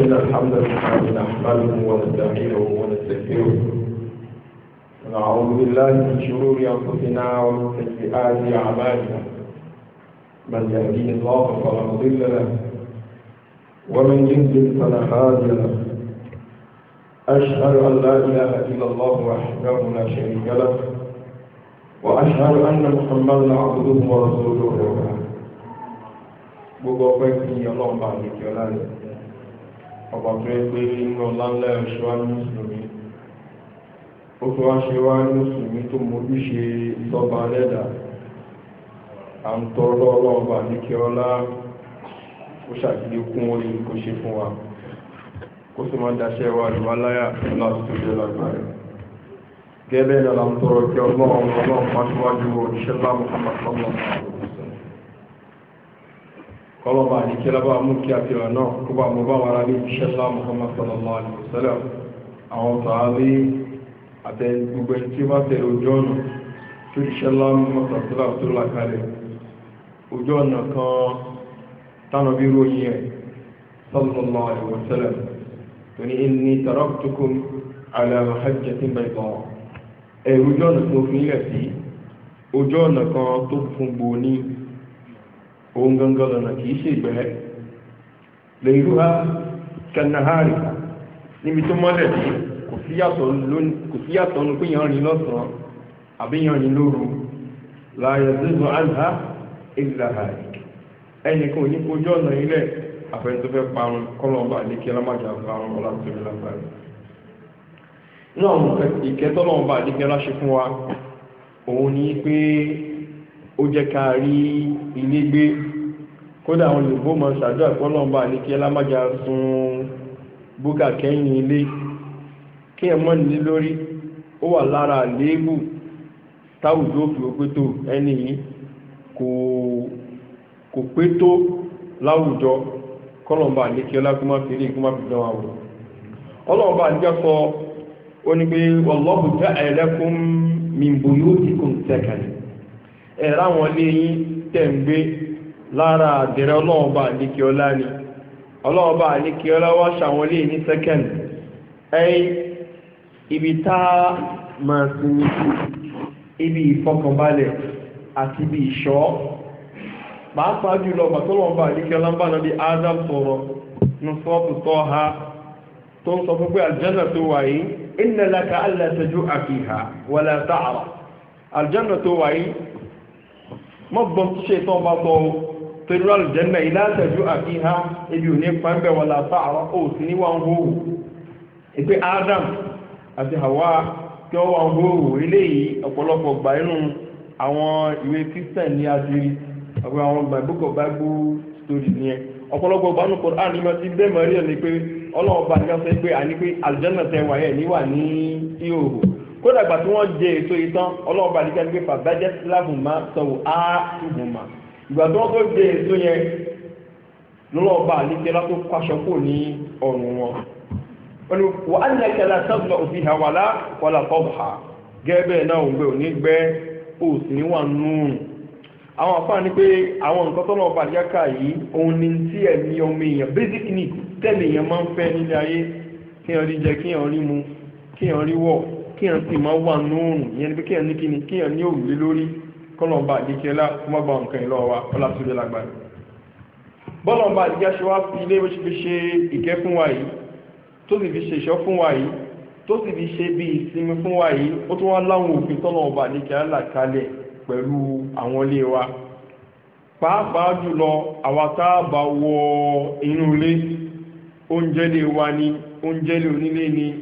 إن الحمد لله نحمده ونستعينه ونستغفره ونعوذ بالله من شرور أنفسنا ومن سيئات أعمالنا من يهديه الله فلا مضل له ومن يضلل فلا هادي له أشهد أن لا إله إلا الله وحده لا شريك له وأشهد أن محمدا عبده ورسوله gbogbo ọpẹ́ kí Ọlọ́run ọba tó yẹ pé inú ọlá ńlá ẹ̀ṣọ́ á ní mùsùlùmí ó fi wá ṣe wá ní mùsùlùmí tó mójúṣe sọ́ba lẹ́dà à ń tọrọ ọlọ́ọ̀bà ní kí ọlá ó ṣàkíyè kún orí kó ṣe fún wa kó sì máa daṣẹ́ wa lùwá láyà láti tó jẹ́ lágbára gẹ́gẹ́ bẹ́ẹ̀ ni àwọn tọrọ kí ọlọ́run ọlọ́run pàṣíwájú òṣìṣẹ́ bá Muhammad kọlọ́ba àdìkẹ́lábà mú kí àfihàn náà kó bá mọ́ bá wàrà ní iṣẹ́ lá Muhammad sallallahu alaihi wasallam àwọn sàábí àtẹ gbogbo ẹni tí ó bá tẹ̀lé ojú ọ̀nà tó iṣẹ́ lá Muhammad sallallahu tó là ojú ọ̀nà kan tó fún gbòó ní òun gangan lọ́nà kìí ṣe ìgbẹ́ lèyúwá kanahari níbi tó mọ́lẹ̀ dé kò sí yàtọ̀ ní pé yàn rìn lọ́sàn-án àbí yàn rìn lóru láàyè zézùn àlá ìlàhàì ẹnì kan ò ní kojú ọ̀nà ilẹ̀ àfẹnusọ fẹ́ parun kọ́lọ́ọ̀bà ní kí ẹlọ́màjà parun ọlọ́sọ̀rọ̀ lágbàáyé náà ìkẹ́tọ́lọ́ọ̀bà ní kí ẹlá ṣe fún wa òun ní pé ó jẹ́ ká rí ilé gbé kódà àwọn olùgbò mọ̀ ṣàdúrà ní kí ẹlámájà sun búkà kẹ́yìn ilé kí ẹ mọ́ nílé lórí ó wà lára léébù táwùjọ òfin òpétò ẹni yìí kò kò pé tó láwùjọ kọ́lọ̀mbà ní kí ọlá fi rí ẹ̀rá wọn lé yín tẹ̀ ń gbé lára àdẹ̀rẹ̀ ọlọ́ọ̀bà àdíkíọlá ni ọlọ́ọ̀bà àdíkíọlá wá ṣàwọn lé ní sẹ́kẹ̀nd ẹ̀yìn ibi tá a máa sinmi sí ibi ìfọkànbalẹ̀ àti ibi ìṣọ́ pàápàá jùlọ pàtọ́lọ́ọ̀bà àdíkíọlá ń bá nàbí Adam sọ̀rọ̀ nùsọ́ọ̀tù tọ́ ha tó ń sọ fún pé àlùjànnà tó wà yìí inna laka alla tajua fiha tó wà yìí mọ́gbọ́n tí ṣe tán bá gbọ́ torí rà lùjẹ́nà ìlàtẹ̀jú àfihàn ebi ò ní pẹ́ńbẹ́ wọn làtà àwọn òsì ní wọn hóhù ìpè Adam àti Hawa tí wọn wọn hóhù eléyìí ọ̀pọ̀lọpọ̀ gbà inú àwọn ìwé Christian ní adiri ọ̀pọ̀ àwọn gbà book of Bible stories nìyẹn ọ̀pọ̀lọpọ̀ gbà inú Quran ní ma bẹ́ẹ̀ mọ̀ rí ẹ̀ ní pé ọlọ́wọ́ bá a ní ká pé àní pé àlùjẹ́nà tẹ wáyé ní ní ìhòòhò kódà gbà tí wọ́n jẹ ètò ìtàn ọlọ́run bá ní kẹ́ni pé fàbẹ́jẹ́ síláàbù máa sanwó á tùbù mà ìgbà tí wọ́n tó jẹ ètò yẹn lọ́lọ́run bá ní kẹ́ni tó kọ́ṣọ́ kò ní ọ̀rùn wọn. wọ́n ní wọ́n á ní ẹ̀kẹ́ láti sábà òfin hà wàlá wàlá tọ́bà gẹ́gẹ́ náà òun gbé òní gbẹ́ òsì ní wà nù. àwọn afá ni pé àwọn nǹkan tó lọ́ọ́ ní kẹ́kà yìí òun ni tí ẹ̀mí ọmọ èèyàn basic need tẹ́lẹ̀ èèyàn máa ń fẹ́ nílé ayé kíyàn rí jẹ kíyàn rí mu kíyàn rí wọ̀ kíyàn sì máa wà nóòrùn ìyẹn ni pé kíyàn ní kíni kíyàn ní òrùlé lórí kọlọmba àdékẹlá kọmọ gba nǹkan ìlọ wa ọlá sórí lágbára bọlọmba àdékẹlá ṣe wá fi ilé bó ṣe fi ṣe ìkẹ́ fún wa yìí tó sì fi ṣe ìṣọ́ fún wa yìí tó sì fi ṣe bí ìsinmi fún wa yìí ó tún wá láwọn òfin tọlọmba àdékẹlá là kalẹ̀ pẹ̀lú àwọn ilé wa pàápàá jùlọ àwa tá a bá wọ inú ilé oúnjẹ lè wa ni oúnjẹ lè onílé ni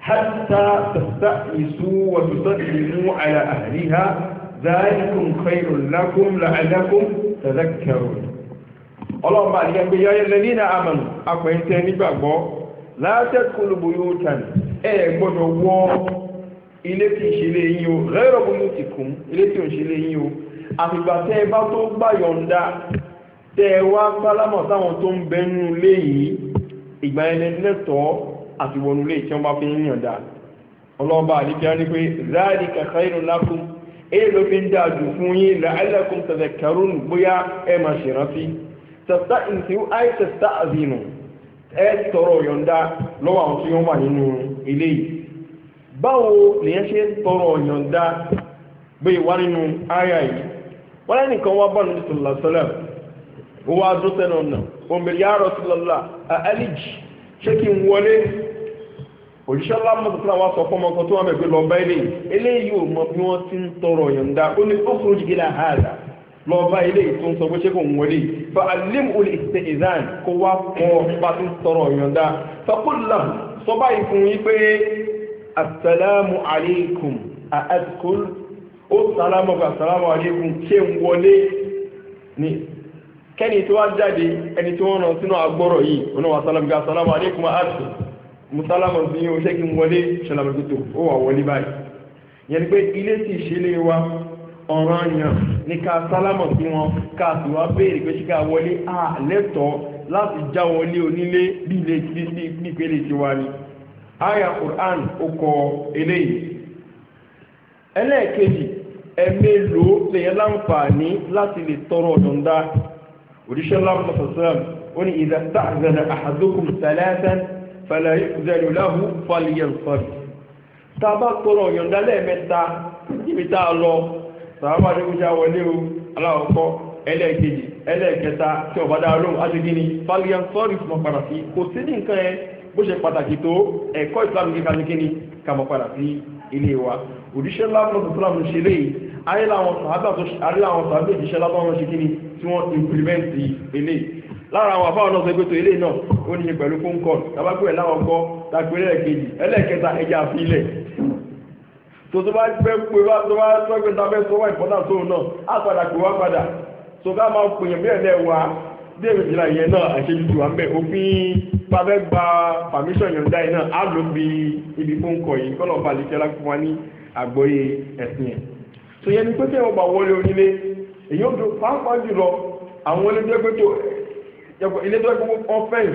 حتى تستأنسوا وتسلموا على أهلها ذلكم خير لكم لعلكم تذكرون ọlọ́run bá yẹ pé yọyẹ lẹ́nìí àmàlù apẹ̀yìntẹ́ nígbàgbọ́ látẹ̀kùlù buyutan ẹ gbọ́dọ̀ wọ ilé tí ń ṣe lé yín o rẹ́rọ̀ buyutikum ilé tí ń ṣe lé yín o àfìgbà tẹ́ ẹ bá tó gbà yọ̀ǹda tẹ́ ẹ wá sálámọ̀ sáwọn tó ń bẹnu lé yìí ìgbà yẹn lẹ́tọ̀ọ́ àti wọnú ilé tí wọ́n bá fi ń yànda ọlọ́ọ̀bá àdíkẹ́ ní pé zalika khairun lakum èyí ló fi ń dáa jù fún yín la'allakum tadhakkarun bóyá ẹ máa ṣèrántí tẹ̀sítà ìsì àì tẹ̀sítà àzìnù ẹ tọrọ yọ̀ǹda lọ́wọ́ àwọn tí wọ́n wà nínú ilé yìí báwo lèyàn ṣe ń tọrọ yọ̀ǹda bí wà nínú àyà yìí wọ́n lẹ́nu kan wá bá nínú sọ̀lá sọ́lá ó wá dúró sẹ́nu ọ̀nà òmìnira rọ̀ sọ́lá ṣé kí n wọlé òṣìṣẹ́ lámọ̀tòkúnlá wa sọ fọmọ kan tó wà bẹ̀gbẹ́ lọ báyìí eléyìí ò mọ bí wọ́n ti ń tọrọ yọ̀ǹda ó ní ó kúrò jìgìlá hàdà lọ bá eléyìí tó ń sọ pé ṣé kò ń wọlé fa alim olè ṣe ìdán kó wá kọ́ bá ti ń tọrọ yọ̀ǹda fakúlà sọ báyìí fún yín pé asalaamu aleykum a adkul ó salaamu aleykum ṣé ń wọlé ni kẹ́ni tí wọ́n jáde ẹni tí wọ́n rán sínú agbọ́rọ̀ yìí ọ̀nà wa sálámù gá sálámù alaykum àti musálámù bí o ṣé kí wọlé ṣàlàmù tó ó wà wọlé báyìí yẹn pé ilé sì ṣílé wa ọ̀ràn yàn ní ká sálámù sí wọn ká sì wá béèrè pé ṣé ká wọlé à lẹ́tọ̀ọ́ láti já wọlé onílé bí ilé tí bí ìpele ti wá ni aya Qur'an ó kọ eléyìí ẹlẹ́ẹ̀kejì ẹ̀mélòó lèyẹn láǹfààní láti lè tọrọ ọ̀dọ̀ǹda òjíṣẹ́ láwọn sọ̀sọ́rọ̀ ó ní ìdá tààzẹ̀nà àhàdókùn sàlẹ́sẹ̀ fẹ̀lẹ̀ ìzẹ̀lú láhù fọ́lìyàn sọ́rọ̀ tá a bá tọrọ ọ̀yọ̀ǹda lẹ́ẹ̀mẹ́ta níbi tá a lọ sàábà ní oúnjẹ wọlé o aláwọ̀kọ́ ẹlẹ́ẹ̀kejì ẹlẹ́ẹ̀kẹta tí ọ̀bá dáa lóhùn ni fọ́lìyàn sọ́rọ̀ mọ̀ padà sí kò sí ní nǹkan ẹ bó ṣe pàtàkì tó ẹ̀kọ́ ìsìlámù kíkà ní kíni kà mọ̀ padà sí ilé wa òjíṣẹ́ láwọn sọ̀sọ́rọ̀ ayé làwọn sàábà tó àrí làwọn sàábà ìṣẹ́ lábọ́ wọn ṣe kí ni tí wọ́n implement ilé lára àwọn àfáwọn náà sọ pé tó ilé náà ó ní ṣe pẹ̀lú phone call tàbákú ẹ̀ láwọn kọ́ tàpẹ́rẹ́ ẹ̀kejì ẹlẹ́ẹ̀kẹta ẹja àfi tó tó bá pẹ́ pé tó bá tó pé tá a fẹ́ sọ wá ìfọ́nà tóun náà á padà pè wá tó ká máa pèèyàn bí ẹ̀lẹ́ wa bí èrò ìjìnlá yẹn náà àṣejù tù wá ń permission yọ̀ǹda yìí náà á lò bí ibi phone call yìí kọ́lọ̀ balẹ̀ kẹ́lá fún tó yẹ ni pé tẹ́wọ̀n bá wọlé onílé èyí ó dùn pàápàá jùlọ àwọn ilé tó gbé tó ilé tó gbé ọ̀fẹ́yìn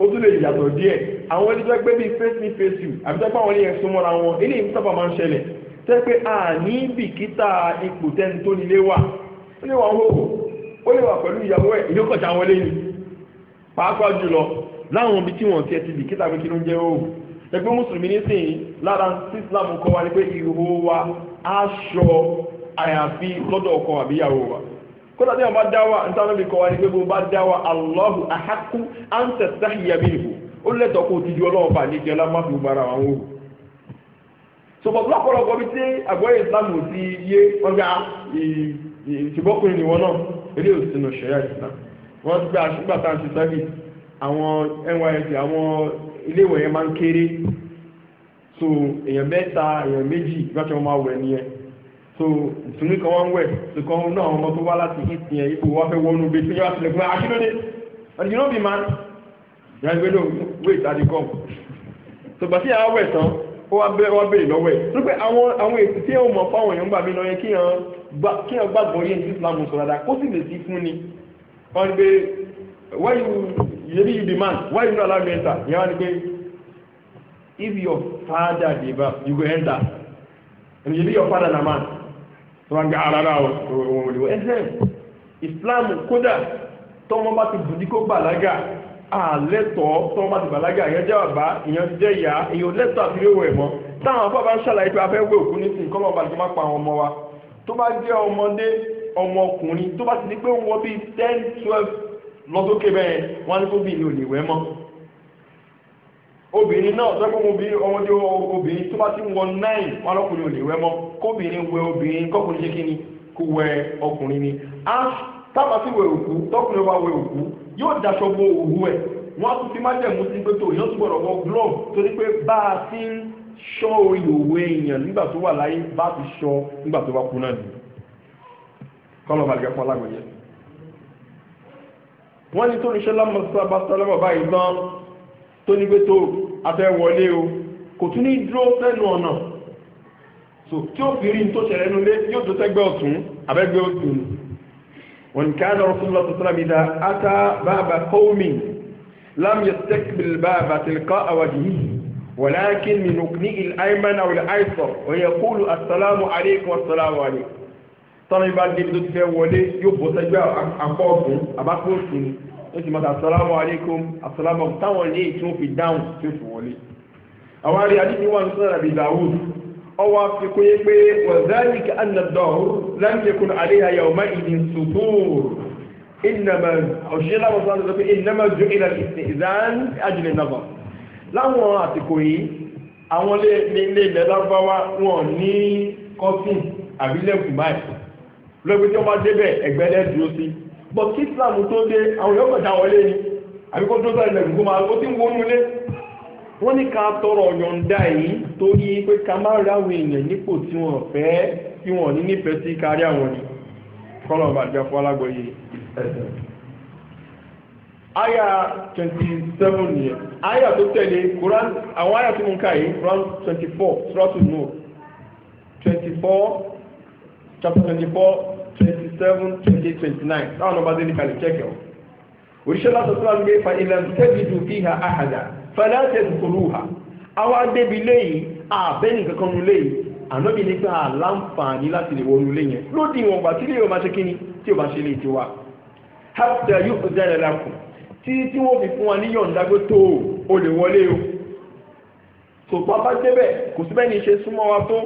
ó tún lè yàtọ̀ díẹ̀ àwọn ilé tó gbé bíi face me face you àbí tó pàwọn ilé yẹn ra wọn ilé yìí sábà máa ń ṣẹlẹ̀ tẹ́ pé a ní bìkítà ipò tẹ́ni tó nílé wà ó lè wà ń hò ó lè wà pẹ̀lú ìyàwó ẹ̀ ìdókòtà àwọn ilé yìí pàápàá jùlọ láwọn ibi tí wọ́n ti ẹ̀ ti bìkítà pé kí ló ń jẹ́ òògùn ẹgbẹ́ mùsùlùmí nísìnyí lára islam kọ́ wa ni pé ìhòòhò wa aṣọ àyàfi lọ́dọ̀ ọkọ àbíyàwó wa kódà tí wọn bá dáwà wa nítorí bí kọwa ni pé bó bá dáwà wa Allahu ahaku anta sahiya minhu ó lẹ́tọ̀ọ́ kó o ti ju ọlọ́run fà níjẹ́ ọlá má fi gbára lọ́pọ̀lọpọ̀ bí tí àgbọ̀yé ti yé gba ni náà eré tá àwọn NYSC àwọn so èèyàn mẹ́ta èèyàn méjì gbàtí wọ́n máa wẹ̀ nìyẹn so ìtùnú kan wọ́n ń wẹ̀ so kan náà àwọn ọmọ tó wá láti hit yẹn ipò wọ́n fẹ́ wọnú bẹ́ẹ̀ tí wọ́n ti lè fún wa akíndóde and you know the man yàrá ìgbé ló wait at the come so gbàtí yàrá wẹ̀ tán ó wá bẹ́ẹ̀ wá bẹ́ẹ̀ lọ́wọ́ ẹ̀ tó pé àwọn àwọn èsì tí yẹn mọ̀ fáwọn èèyàn gbà mí lọ yẹn kí yẹn gbàgbọ́ yẹn ní Islam sọ dáadáa kó sì lè sí fún ni wọ́n ní pé why you yẹ́bí you be man why you no allow me enter yẹn wá ní pé if your father dey baff you go enter and you be your father na man So bá ń gba ara rà òun òdìwọ ẹsẹ islam kódà tọmọ bá ti bùdí kó bàlágà àlẹtọ tọmọ bá ti bàlágà ìyẹn jẹ bàbá ìyẹn jẹ ìyá ìyẹn lẹtọ àti ìwé wẹ mọ táwọn afọ bá ń ṣàlàyé pé a fẹ́ wé òkú nísìnyí kọ́mọ bá ti má pa àwọn ọmọ wa tó bá jẹ́ ọmọdé ọmọkùnrin tó bá ti di pé wọ́n bíi ten twelve lọ sókè bẹ́ẹ̀ wọ́n á ní kó bí ìlú òní wẹ́ mọ́ obìnrin náà tó fún obìnrin ọmọdé obìnrin tó bá ti ń wọ nine wọn lọkùnrin ò lè wẹ mọ kóbìnrin wẹ obìnrin kọkùnrin ṣe kí ni kó wẹ ọkùnrin ni a tábà sí wẹ òkú tọkùnrin bá wẹ òkú yóò daṣọ bo òwú ẹ wọn tún fi má jẹmú sí pé tòun yóò tún gbọ́dọ̀ wọ glove torí pé bá a ti ń ṣọ́ orí òwú èèyàn nígbà tó wà láyé bá a ti ṣọ́ nígbà tó bá kú náà ni kọlọ balùwẹ̀ fún alágbèyẹ wọn ní tó ní tó ní pé tó afẹ́ wọlé o kò tún ní dúró lẹ́nu ọ̀nà so tí ó fi rí tó ṣẹlẹ̀ nínú ilé yóò tó tẹ́gbẹ́ ọ̀tún abẹ́gbẹ́ ọ̀tún wọn kí á lọ́rọ̀ lọ́tọ̀ sọ́lá mi dá kọ́ọ̀mì lam yastaqbil bàbá tilqa àwàjì ولكن من نقني الأيمن أو الأيسر ويقول السلام عليكم والسلام عليكم tọ́nà ìbá débi tó ti fẹ́ wọlé yóò bọ́ ó sì máa sàlámù alaikum àsàlámù táwọn ilé tí wọ́n fi dáhùn tí ó fi wọlé àwọn ará àdìsí wà ní sọ́dọ̀ àbí dàwùd ọwọ́ àfikún yé pé wàzálìkì ànàdọ̀ọ́ lámìlẹ́kùn àléyà yawma ìdìn sùtúr ìnàmà òṣìṣẹ́ láwọn sọ́dọ̀ sọ pé lọ́gbẹ́ tí wọ́n bá débẹ̀ ẹ̀gbẹ́lẹ́ dúró sí but kí islam tó dé àwọn yóò kọjá wọlé ni àbí kó tó sáré lẹ́gùn kó máa ó ti ń wọnú lé wọ́n ní ká tọrọ yọ̀ǹda yìí torí pé ká má ráwọn èèyàn nípò tí wọ́n fẹ́ tí wọ́n ní nífẹ̀ẹ́ sí kárí àwọn ni kọ́lọ̀ bàjẹ́ fún alágbọ̀yé ẹ̀sẹ̀ aya 27 nìyẹn aya tó tẹ̀lé Quran àwọn aya tí mo ń kà yìí Quran 24 suratul Nur 24 chapter 24 twenty seven twenty eight twenty nine táwọn ọba délé kalẹ̀ kẹ́kẹ́ o oh. òṣìṣẹ́ láti sọ́ra ń gbé fa ilẹ̀ tẹ́bìdù fiha ahada fẹ́lẹ́ tẹ̀sùkúrú ha àwọn adébí léyìí àbẹ́ni kankan nu léyìí ànábì nígbà aláǹfààní láti lè wọnú lé yẹn lódì ìwọ̀n ìgbà tí lè yóò máa ṣe kíni tí ò bá ṣe lè ti wá hapta yóò dára lákùn tí tí wọ́n fi fún wa ní yọ̀ǹda pé tó o lè wọlé o tòpá bá débẹ̀ kò síbẹ̀ ní ṣe súnmọ́ wa tó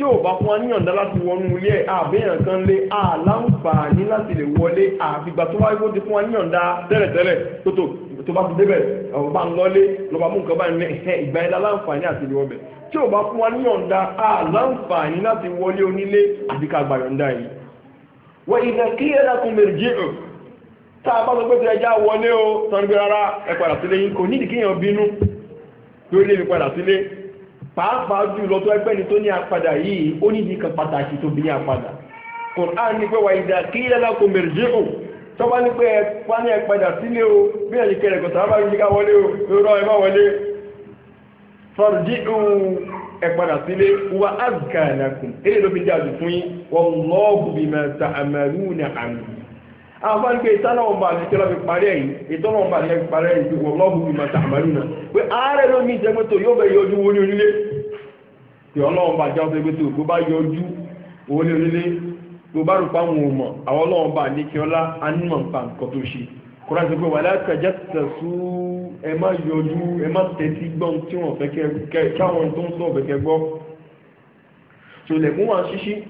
tí ò bá fún wa níyànjá láti wọnú ilé ẹ̀ àbẹ̀yàn kan lé àlàǹfààní láti lè wọlé àfìgbà tó wáyé kó ti fún wa níyànjá tẹ́lẹ̀tẹ́lẹ̀ tó tó tó bá ti débẹ̀ ọ̀rọ̀ bá ń lọlé lọ́ba mú nǹkan báyìí ní ìgbà yẹn láǹfààní àti ìlú ọbẹ̀ tí ò bá fún wa níyànjá àlàǹfààní láti wọlé onílé àti ká gbà yọ̀ǹda yìí. wọ ìgbà kí ẹ dákun lè jí ò tá a bá sọ pé ti ẹja wọlé o tán rárá ẹ padà sílé yín kò nídìí kéèyàn bínú lórí ilé padà sílé pàápàá jù lọ tó ẹgbẹ́ ni tó ní apadà yìí ó ní ìdí kan pàtàkì tó bí ní apadà Qur'an ní pé wà ìdá kí lẹ́la kò mèrèjì ò tó bá ní pé ẹ pa ní ẹpadà sílé o bí ẹ̀yìn kẹrẹ kò sábà ní ká wọlé o irọ́ ẹ wọlé fọ́rọ̀jì òun ẹpadà sílé wa azkà lakum eré ló fi jáde fún yín wallahu bima ta'maluna àmì àwọn bá ń gbé ìtànà ọba àti ìtànà fi parí ẹ̀yìn ìtànà ọba àti ìtànà fi parí ẹ̀yìn ìwọ̀n lọ́hùn ìmọ̀ tàbálù náà pé ààrẹ ló ní ìjẹ́ pẹ́tò yóò bẹ yọjú owó ní onílé tí ọlọ́run bá jáwọ́ pé pẹ́tò bó bá yọjú owó ní onílé bó bá rúpa wọn ò mọ̀ àwọn ọlọ́run bá ní kí ọlá anímọ̀ nǹkan nǹkan tó ṣe kúrò àti pé wà látàjá tẹ̀sú ẹ má yọjú ẹ má tẹ̀sí gbọ́n tí wọ́n fẹ́ kẹ́ káwọn tó ń sọ̀rọ̀ fẹ́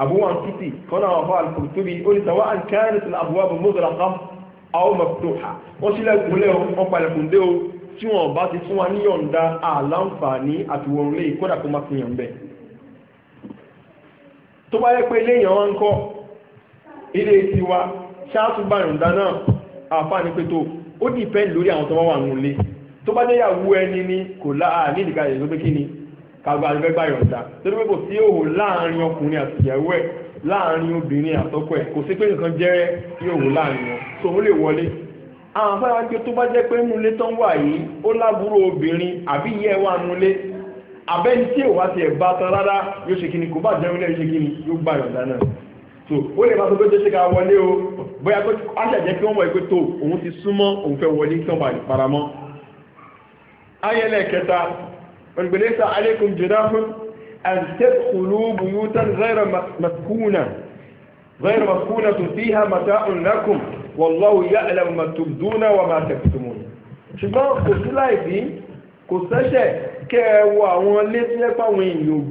أبو أنكتي كنا وفاء الكتبي قل سواء كانت الأبواب مغلقة أو مفتوحة وشلا كله أقبل كندو tí wọn bá ti fún wa ní yọ̀ǹda àlàǹfààní àti wọn lè kódà kó má fi yàn bẹ́ẹ̀. tó bá yẹ pé ilé èèyàn wá ń kọ́ ilé tiwa ṣáàtú bá yọ̀ǹda náà àǹfààní pé tó ó dìpẹ́ lórí àwọn tó bá wà nílé tó bá jẹ́ ìyàwó ẹni ni kò láà ní ìdíkà ìyẹ̀dọ́ pé kí ni kàgbà àgbẹ̀gbà yọ̀ǹda torí pé kò sí òhò láàrin ọkùnrin àti ìyàwó ẹ̀ láàrin obìnrin àtọ́kọ ẹ̀ kò sí pé nǹkan jẹ́ ìhòhò láàrin wọn tó ó lè wọlé. àwọn afárá pé tó bá jẹ́ pé inú ilé tán wà yìí ó lábúrò obìnrin àbí ìyá ẹ̀ wà nú àbẹ́ni tí èèwà ti bá tan rárá yóò ṣe kíni kò bá jẹun lẹ́yìn ṣe kíni yóò gbà yọ̀ǹda náà so ó lè bá sọ pé jẹ́ ṣe ká wọlé o bóyá pé aṣàjẹ́ kí wọ́n mọ̀ pé tó òun ti kí wọ́n وليس عليكم جناح أن تدخلوا بيوتا غير مسكونة غير مسكونة فيها متاع لكم والله يعلم ما تبدون وما تكتمون شباب قصلا يبي قصة كوا وليس لفاوين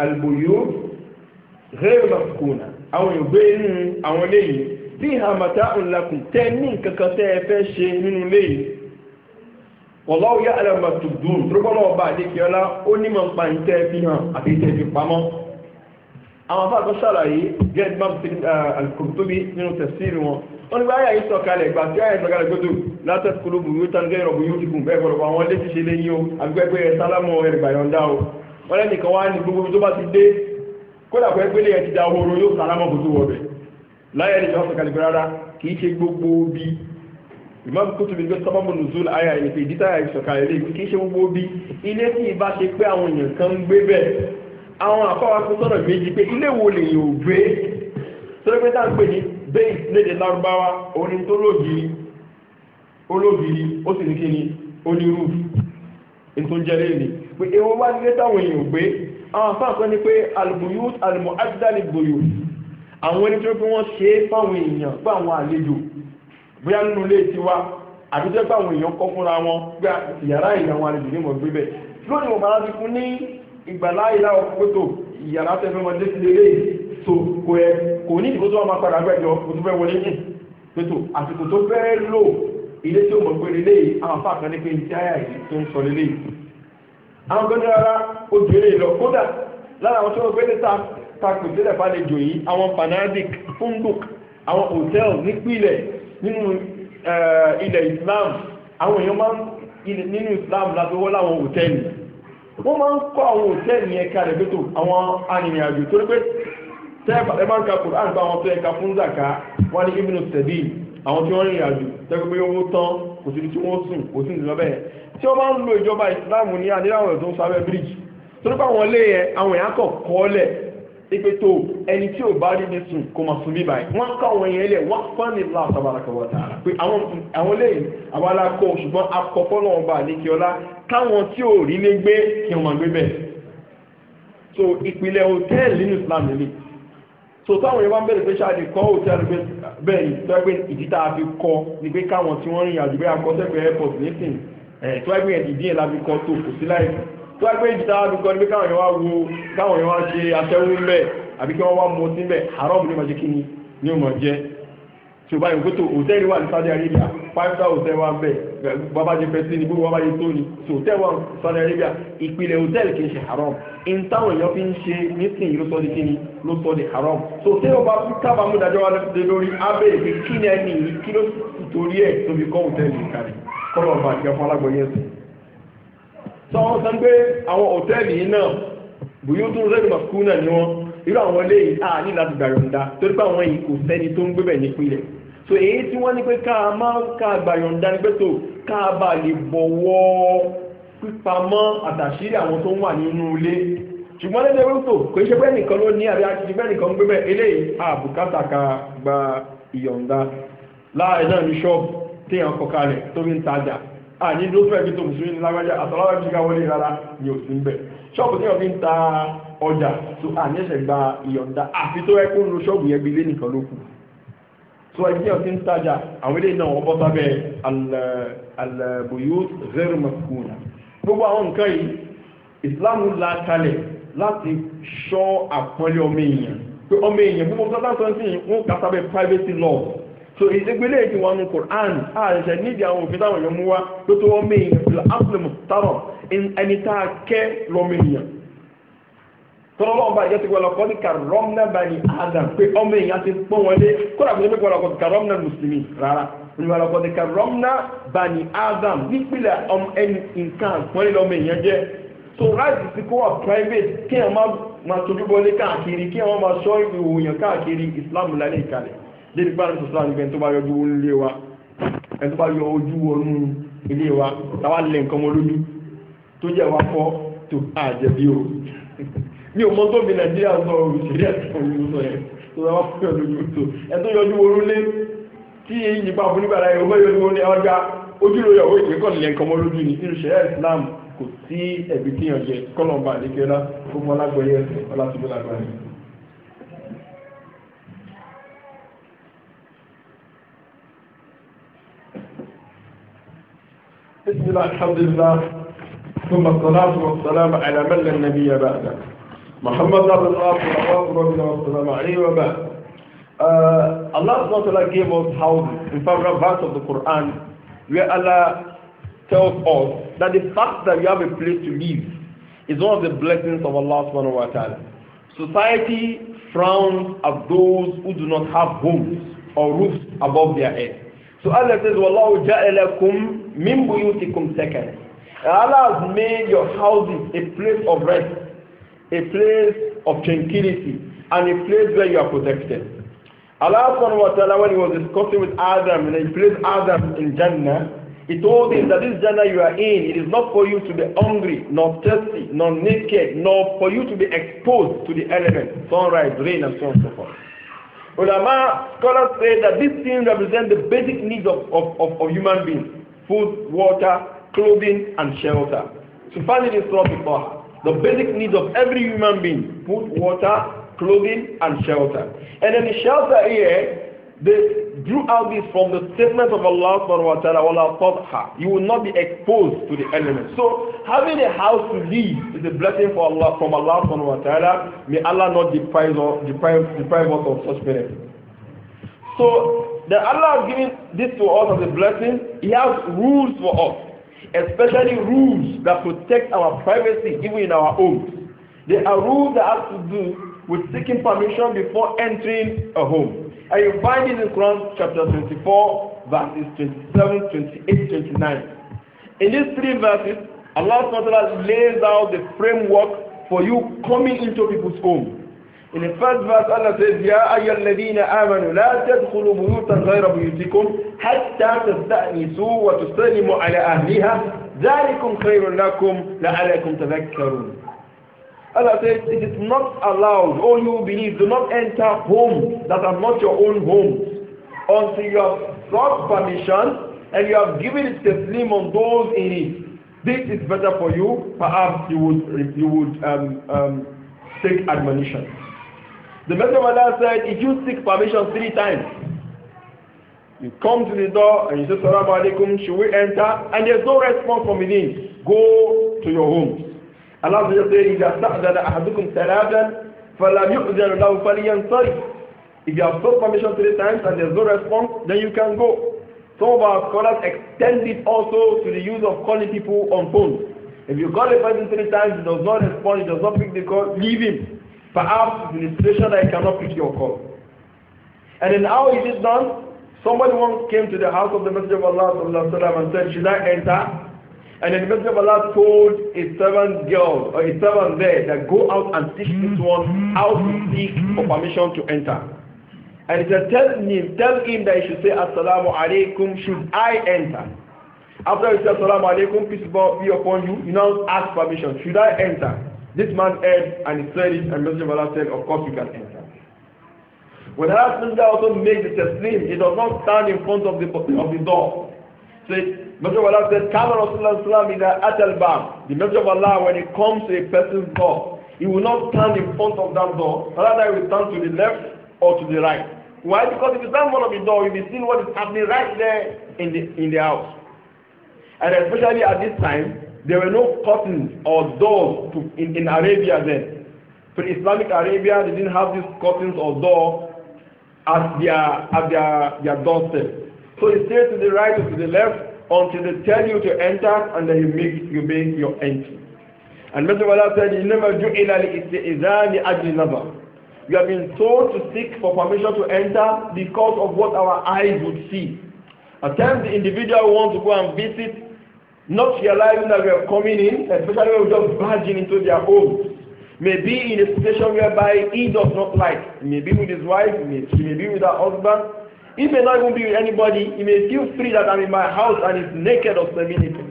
البيوت غير مسكونة أو يبين أو ليه فيها متاع لكم تنين كتافة شيء من ليه wọ́lọ́wọ́ yá àlẹ́ ọmọ tùdùn rúgbọ́nà ọba àdékíọ́lá ó ní mọ̀ nípa ìtẹ́ fi hàn àti ìtẹ́ fi pamọ́. àwọn afá àtọ́ ṣàlàyé gẹ́gẹ́ bá ti eh, al-Qurtubi nínú tafsir wọn. wọ́n ní báyà yìí sọ̀kalẹ̀ ìgbà tí àyà ìsọ̀kalẹ̀ gbọ́dọ̀ látẹ̀ kúrò bùrú tán gẹ́gẹ́ rọ̀bù yóò ti gùn bẹ́ẹ̀ gbọ́dọ̀ àwọn létí ṣe lé yín o àgbẹ̀gbẹ̀ sálámù ẹ̀rìgbàyọ̀ndà o. wọ́n lẹ́nìkan wá ní gbogbo tó bá ti dé kódà pé gbélé yẹn ti da horo yóò sálámù bùtù wọ̀ bẹ̀. láyà ẹ̀rìgbà sọ̀kalẹ̀ rárá kì í ṣe gbogbo bíi Imam Qurtubi gbé sábàbù nùzúl àyà yìí pé ìdítà ìsọ̀kalẹ̀ lè kí ṣe gbogbo bí ilé tí ìbá ṣe pé àwọn èèyàn kan ń gbé bẹ́ẹ̀ àwọn àfáwà tó sọ̀rọ̀ méjì pé ilé wo lè yóò gbé tó pé tá à ń pè ní bẹ́ẹ̀ léde lárúbáwá oní tó ó sì ní kí ni onírú ètò ni pé ewu wá nílé táwọn èèyàn gbé àwọn àfáà kan ní pé albuyut almu'adda libuyut àwọn ẹni tó pé wọ́n ṣe é fáwọn èèyàn fáwọn àlejò bóyá nínú ilé ti wá àdúgbò pé àwọn èèyàn kọ́ fúnra wọn gba yàrá ìyàwó àlejò ní mọ̀ gbé bẹ̀ lónìí mo bá láti fún ní ìgbàlá ìlà òkútó ìyàrá tẹ́fẹ́ mọ́ létí lélẹ́ tó kò ẹ kò ní ìdíkó tó wà máa padà gbẹ́jọ kò tó fẹ́ wọlé yìn pẹ̀tò àsìkò tó fẹ́ lò ilé tí ó mọ̀ gbé lélẹ́ àwọn afá kan ní pé ní táyà yìí tó ń sọ lélẹ́ àwọn gbẹ́jọ rárá ó ju eré lọ kódà lára àwọn tó wọ́n gbé níta ta kò sílẹ̀ fàlejò yìí àwọn fanatic funduk àwọn hòtẹ́ẹ̀lì nípìnlẹ̀ nínú eh, ilẹ̀ Islam àwọn èèyàn máa ń nínú Islam lábẹ́wọ́ láwọn hòtẹ́ẹ̀lì wọ́n máa ń kọ́ àwọn hòtẹ́ẹ̀lì yẹn kalẹ̀ pé tó àwọn arìnrìn àjò torí pé tẹ́ẹ̀bà ẹ máa ń ka Quran bá àwọn tó yẹ ka fún zaka wọ́n ní ibùdó tẹ̀bí àwọn tí wọ́n rìnrìn àjò tẹ́gbẹ́ pé owó tán kò sí tí wọ́n sùn kò sí ìdílọ́bẹ̀ tí wọ́n máa ń lo ìjọba Islam ní adéláwọ̀ tó ń sábẹ́ bíríjì torí pé àwọn ilé yẹn àwọn èèyàn kọ̀ kọ́ lẹ̀ ipe tó ẹni tí o bá rí ní sùn kò máa sùn bí báyìí wọ́n ká wọn yẹn lẹ̀ wọ́n fọ́n ní láàbù tabaraka wa ta'ala pé àwọn lẹ́yìn àbálá kọ ṣùgbọ́n akọ̀kọ́ náà bá ní kí ọlá káwọn tí ò rí lé gbé kí wọ́n máa gbé bẹ̀. so ìpìlẹ̀ hòtẹ́ẹ̀lì nínú Islam nílé so táwọn yẹn bá ń bẹ̀rẹ̀ pé ṣáàdì kọ́ hòtẹ́ẹ̀lì bẹ́ẹ̀ ni tó ẹgbẹ́ ìdí tá a fi kọ́ ni pé káwọn tí wọ́n rìn àdúgbò akọ́sẹ́gbẹ̀ẹ́ airport nísìnyí tó ìdí yẹn la fi kọ́ tó kò sí láìpẹ́ tó wá pé ìjìta àdúgbò níbi káwọn yẹn wá wo káwọn yẹn wá ṣe aṣẹ́wó ń bẹ̀ àbí kí wọ́n wá mọ sí bẹ̀ haram ní màjẹ́ kíni ní ọmọ jẹ́ tí o bá yẹn kótó hòtẹ́ẹ̀lì wà ní Saudi Arabia five star hotel wà bẹ̀ bàbá jẹ fẹ́ sí ni gbogbo bàbá yẹn tó ni tí hòtẹ́ẹ̀lì wà ní Saudi Arabia ìpìlẹ̀ hòtẹ́ẹ̀lì kì í ṣe haram in táwọn èèyàn fi ń ṣe nísìnyí ló sọ di kíni ló sọ di haram so tí o bá kábàámú dájọ́ wa lórí abẹ́ ìpín kí ni ẹni kí ló torí ẹ̀ tóbi kọ́ hòtẹ́ẹ̀lì kalẹ̀ kọ́ lọ́ọ́ bá àti ẹ̀fọ́ alágbọ̀nyẹ́sìn sọ wọn sọ pé àwọn hòtẹ́ẹ̀lì yìí náà bùyó tó ń rẹ́nu màkú náà ni wọ́n irú àwọn eléyìí a ní láti gbà yọ̀ǹda torí pé àwọn yìí kò sẹ́ni tó ń gbébẹ̀ nípìnlẹ̀ so èyí tí wọ́n ní pé ká máa ká gbà yọ̀ǹda ni pé tó ká bá lè bọ̀wọ́ pípamọ́ àtàṣírí àwọn tó ń wà nínú ilé ṣùgbọ́n lẹ́nu ẹgbẹ́ tó kò ṣe pé nìkan ló ní àbí akíkí bẹ́ẹ̀ nìkan gbé bẹ́ẹ̀ eléyìí àbùkátà ká gba ìyọ̀ǹda láàrin náà ní ṣọ́ọ̀bù téèyàn kọ kalẹ̀ tó ń tajà àní ló fẹ́ bí tó mùsùlùmí ní lágbájá àtọ́láwá bí ká wọlé rárá ni ò sí ń bẹ̀ ṣọ́ọ̀bù tí wọ́n fi ń ta ọjà tó àní ẹ̀sẹ̀ gba ìyọ̀ǹda àfi tó ẹkún lu ṣọ́ọ̀bù yẹn bí lé nìkan ló kù tó ẹni tí wọ́n fi ń tajà àwọn eléyìí náà wọ́n bọ́ sábẹ́ alàbòyó zero makuna gbogbo àwọn nǹkan yìí ìsìláàmù la kalẹ̀ láti ṣọ́ àpọ́nlé ọmọ èèyàn pé ọmọ èèyàn so ìdígbélé èdè wọn nu Quran àṣẹ nídìí àwọn òfin táwọn èèyàn mú wá tó tó wọ́n mẹ́yìn ìfìlà áfìlẹ̀mù tààrọ̀ ẹni tá a kẹ́ lọ́mẹ́yìn tọ́lọ́ lọ́wọ́ bá ìjọsìn wọn lọ́kọ́ ní karọ́mnà bani adam pé ọmọ èèyàn ti pọ́n wọlé kódà kò ní pẹ́ wọlọ́kọ́ karọ́mnà mùsùlùmí rárá olùwà lọ́kọ́ ní karọ́mnà bani adam nípìnlẹ̀ ọmọ ẹni nǹkan àpọ́nlé lọ́mọ èèyàn jẹ́ so ráìtì sí kó wà private kí ẹ̀ má tójú bọ́lé káàkiri kí ẹ̀ má sọ ìwòyàn káàkiri islam lálẹ́ ìkàlẹ̀ débi bá àrùn sọ́sọ́ àgbẹ̀ tó bá yọjú ilé wa ẹ̀ tó bá yọ ojú wọnú ilé wa táwa lè nǹkan mọ́ lójú tó jẹ́ wa fọ́ tó àjẹbí o mi ò mọ tó fi nàìjíríà sọ òṣèré ẹ̀sìn òyìnbó sọ yẹn tó bá wà fún ọdún yìí tó ẹ̀ tó yọjú wọnú lé tí èyí yìí bá fún nígbàdá yẹn ọgbẹ́ yọjú wọnú ọjà ojú ló yọ owó ìpín kọ́ nílẹ̀ nǹkan mọ́ lójú ní ìṣẹ̀rí Islam kò sí ẹ̀bí tíyànjẹ kọ́lọ̀ بسم الله الحمد لله ثم الصلاة والسلام على من لا نبي بعده محمد رسول الله صلوات ربنا والسلام عليه وبعد uh, Allah subhanahu wa ta'ala gave us houses in several verse of the Quran where Allah tells us that the fact that we have a place to live is one of the blessings of Allah subhanahu wa Society frowns at those who do not have homes or roofs above their heads. So Allah says, Wallahu ja'alakum min buyutikum sakan. Allah has made your houses a place of rest, a place of tranquility, and a place where you are protected. Allah subhanahu wa ta'ala, when he was discussing with Adam, and he placed Adam in Jannah, he told him that this Jannah you are in, it is not for you to be hungry, nor thirsty, nor naked, nor for you to be exposed to the elements, sunrise, rain, and so on and so forth. Ulama scholars say that these things represent the basic needs of, of, of, of human beings. Food, water, clothing, and shelter. So, find it in Sufani is the basic needs of every human being. Food, water, clothing, and shelter. And then the shelter here They drew out this from the statement of Allah subhanahu wa ta'ala, you will not be exposed to the elements. So having a house to live is a blessing for Allah from Allah subhanahu wa ta'ala. May Allah not deprive us, deprive, deprive us of such benefit. So that Allah has given this to us as a blessing, He has rules for us, especially rules that protect our privacy even in our homes. There are rules that have to do with seeking permission before entering a home. Are you finding in Quran chapter 24, verses 27, 28, 29. In these three verses, Allah SWT lays out the framework for you coming into people's home. In the first verse, Allah says, يَا أَيَّا الَّذِينَ آمَنُوا لَا تَدْخُلُوا بُيُوتًا غَيْرَ بُيُوتِكُمْ حَتَّى تَسْتَأْنِسُوا وَتُسَلِّمُوا عَلَى أَهْلِهَا ذَلِكُمْ خَيْرٌ لَكُمْ لَعَلَكُمْ تَذَكَّرُونَ Allah says, it is not allowed, O oh, you believe, do not enter homes that are not your own homes until you have sought permission and you have given it taslim on those in it. This is better for you. Perhaps you would, you would um, um, take admonition. The Messenger of Allah said, if you seek permission three times, you come to the door and you say, Salaam alaikum, should we enter? And there's no response from within. Go to your homes." aláàbò yẹ pé ìdá sáàdàdà àdúkùn sẹ̀láàdàn fàlà yóò zẹ̀rọ̀ if you have sought permission three times and there's no response then you can go some of our scholars extend it also to the use of calling people on phone. if you call a person three times he does not respond he does not pick the call leave him perhaps in a situation that he cannot pick your call and then how is it done somebody once came to the house of the messenger of allah and said should i enter And then the Messenger of Allah told a servant girl or a servant there that go out and teach this mm-hmm. one how to mm-hmm. seek for permission to enter. And he said, tell him, tell him that he should say, Assalamu alaikum, should I enter? After he said, Assalamu alaikum, peace be upon you, you now ask permission, should I enter? This man heard and he said it, and Messenger of Allah said, of course you can enter. When the Messenger also makes the taslim, he does not stand in front of the, of the door. So Messenger of Allah said, Kama Rasulullah in Atalbam. The Messenger of Allah, when it comes to a person's door, he will not stand in front of that door. Rather, he will stand to the left or to the right. Why? Because if you stand in front of the door, you'll be seeing what is happening right there in the, in the house. And especially at this time, there were no curtains or doors to, in, in Arabia then. For islamic Arabia, they didn't have these curtains or doors at their, at their, their doorstep. So he stay to the right or to the left, until they tell you to enter and then you make, you make your entry. And Messenger said, You never do another. You have been told to seek for permission to enter because of what our eyes would see. At times, the individual wants to go and visit, not realizing that we are coming in, especially when we just barging into their homes. Maybe in a situation whereby he does not like, maybe with his wife, maybe with her husband, He may not even be with anybody. He may feel free that I'm in my house and is naked of femininity.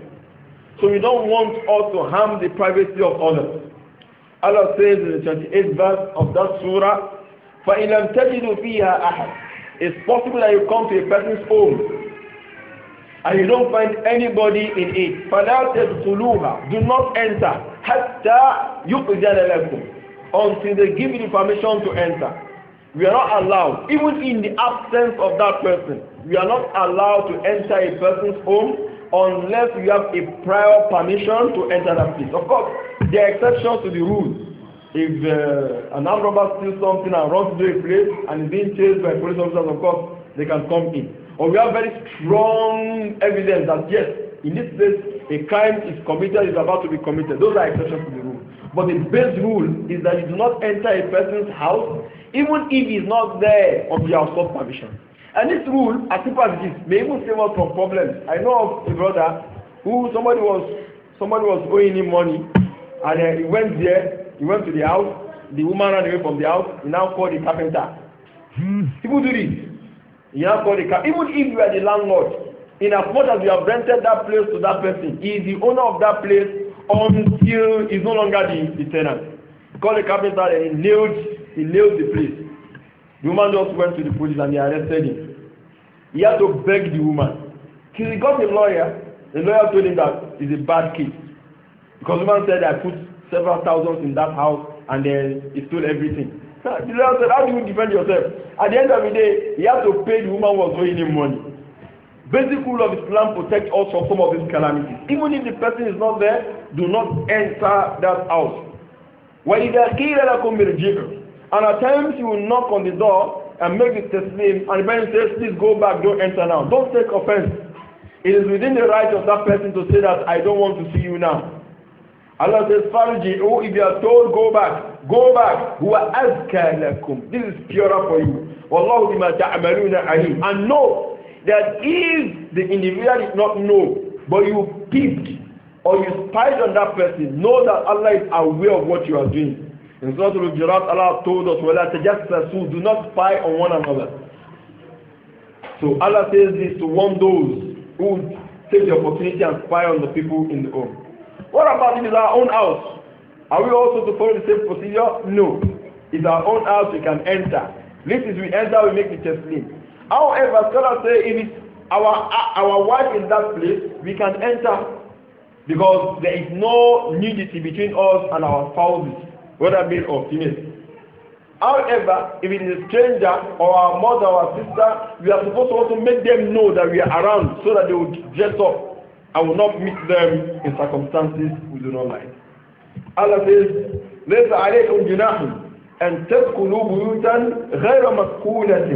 So we don't want us to harm the privacy of others. Allah says in the 28th verse of that surah, فَإِنْ لَمْ تَجِدُوا فِيهَا أَحَدٍ It's possible that you come to a person's home and you don't find anybody in it. فَلَا تَدْخُلُوهَا Do not enter حَتَّى يُؤْذَنَ لَكُمْ Until they give you the permission to enter. We are not allowed, even in the absence of that person, we are not allowed to enter a person's home unless you have a prior permission to enter that place. Of course, there are exceptions to the rule. If uh, an armed robber steals something and runs into a place and is being chased by police officers, of course, they can come in. Or we have very strong evidence that yes, in this place, a crime is committed, is about to be committed. Those are exceptions to the rule. But the base rule is that you do not enter a person's house even if he's not there of your sub permission. And this rule, as simple as it is, may even save us from problems. I know of a brother who somebody was somebody was owing him money, and uh, he went there, he went to the house, the woman ran away from the house, he now called the carpenter. Hmm. People do this. He now called the carpenter. Even if you are the landlord, in as much as you have rented that place to that person, he is the owner of that place until he's no longer the, the tenant. Call the carpenter and he nailed He left the place. The woman just went to the police and they arrested him. He had to beg the woman. He got a lawyer. The lawyer told him that it's a bad case. Because the woman said, I put several thousands in that house and then he stole everything. So the lawyer said, How do you defend yourself? At the end of the day, he had to pay the woman who was owing him money. Basic rule of Islam protect us from some of these calamities. Even if the person is not there, do not enter that house. وَإِذَا قِيلَ لَكُمْ ارْجِعُوا And at times he will knock on the door and make the testimony, and the man says, Please go back, don't enter now. Don't take offense. It is within the right of that person to say that I don't want to see you now. Allah says, Farji, oh, if you are told, go back, go back. Huwa azka lakum. This is purer for you. Wallahu bima ta'amaluna alim. And know that if the individual did not know, but you peeped or you spied on that person, know that Allah is aware of what you are doing. In Surah Al-Hujurat, Allah told us, وَلَا تَجَسَّسُوا Do not spy on one another. So Allah says this to warn those who take the opportunity and spy on the people in the home. What about if it's our own house? Are we also to follow the same procedure? No. It's our own house we can enter. This is we enter, we make the clean. However, scholars say if it's our, our wife in that place, we can enter because there is no nudity between us and our spouses whether male or female. However, if it is a stranger or our mother or our sister, we are supposed to also make them know that we are around so that they will dress up and will not meet them in circumstances we do not like. Allah says, ليس عليكم جناح أن تدخلوا بيوتا غير مسكونة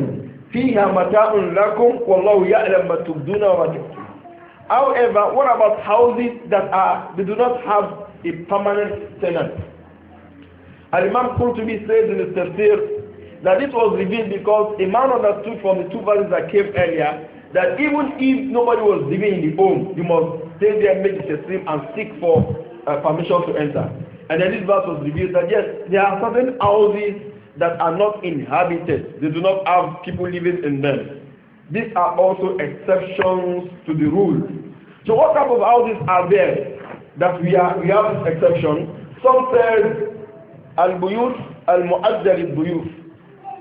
فيها متاع لكم والله يعلم ما تبدون وما تكتمون. However, what about houses that are they do not have a permanent tenant? And Imam Qurtubi says in his tafsir that this was revealed because a man understood from the two verses that came earlier that even if nobody was living in the home, you must stay there, make it taslim, and seek for uh, permission to enter. And then this verse was revealed that yes, there are certain houses that are not inhabited. They do not have people living in them. These are also exceptions to the rule. So what type of houses are there that we are we have this exception? Some said. Al-Buyut, Al-Mu'azzal Buyut.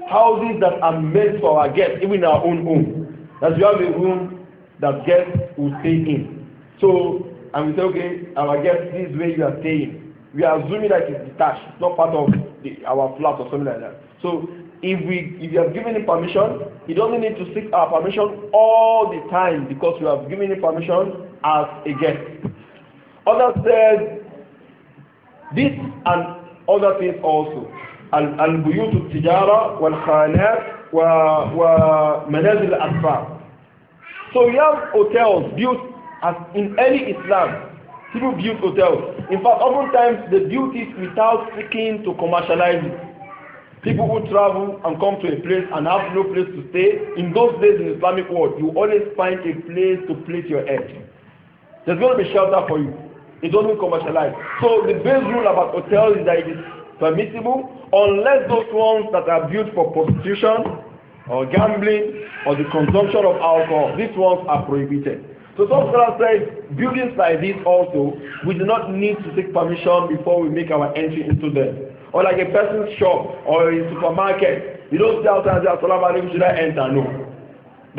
Houses that are made for our guests, even our own home. That you have a room that guests will stay in. So, and we say, okay, our guests, this is where you are staying. We are assuming that it's detached, it's not part of the, our flat or something like that. So, if we if you have given him permission, he doesn't need to seek our permission all the time because we have given him permission as a guest. Others said, this and other things also البيوت التجارة والخانات al الأسفار So we have hotels built as in early Islam. People built hotels. In fact, oftentimes they build it without seeking to commercialize it. People who travel and come to a place and have no place to stay, in those days in Islamic world, you always find a place to place your head. There's going to be shelter for you. It doesn't commercialize. So the base rule about hotels is that it is permissible unless those ones that are built for prostitution or gambling or the consumption of alcohol, these ones are prohibited. So some scholars say buildings like this also, we do not need to seek permission before we make our entry into them. Or like a person's shop or a supermarket, you don't sit outside and say, Assalamu alaikum, should I enter? No.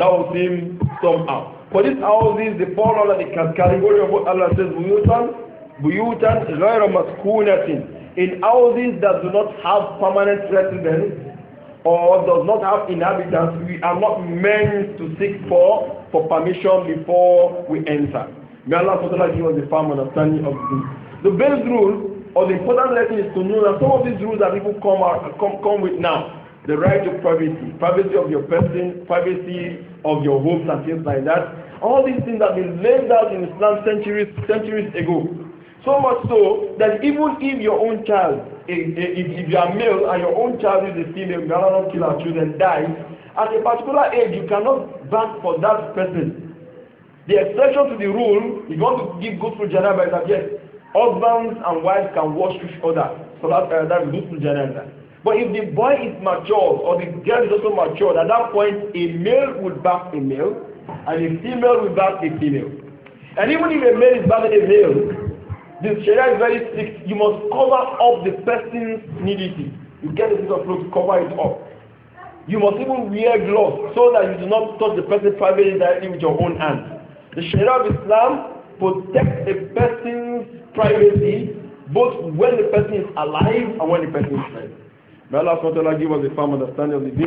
That will seem somehow. For these houses, they fall under the category of what Allah says, buyutan, buyutan, ghayra maskunatin. In houses that do not have permanent residence or does not have inhabitants, we are not meant to seek for, for permission before we enter. May Allah SWT give us the firm understanding of this. The base rule or the important lesson is to know that some of these rules that people come, out, come, come with now the right to privacy, privacy of your person, privacy of your homes and things like that. All these things have been laid out in Islam centuries, centuries ago. So much so that even if your own child, if, if, you are male and your own child is a female, you cannot kill our children, die, at a particular age you cannot ban for that person. The exception to the rule, if you want to give good to gender is that yes, husbands and wives can wash each other. So that, uh, that is good to gender. But if the boy is mature or the girl is also mature, at that point a male would bat a male and a female would bat a female. And even if a male is bathing a male, the Sharia is very strict. You must cover up the person's nudity. You get a piece of cloth, cover it up. You must even wear gloves so that you do not touch the person's privately directly with your own hand. The Sharia of Islam protects a person's privacy both when the person is alive and when the person is dead. May Allah SWT give us a firm understanding of the deen.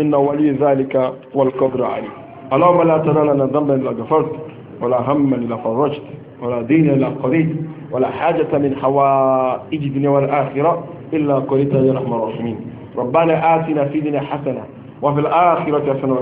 Inna wali zalika wal qadr ali. اللهم لا تدع لنا ذنبا الا غفرته ولا هما الا فرجته ولا دينا الا قضيته ولا حاجة من حوائج الدنيا والآخرة إلا قضيتها يا رحمة الراحمين ربنا آتنا في دنيا حسنة وفي الآخرة حسنة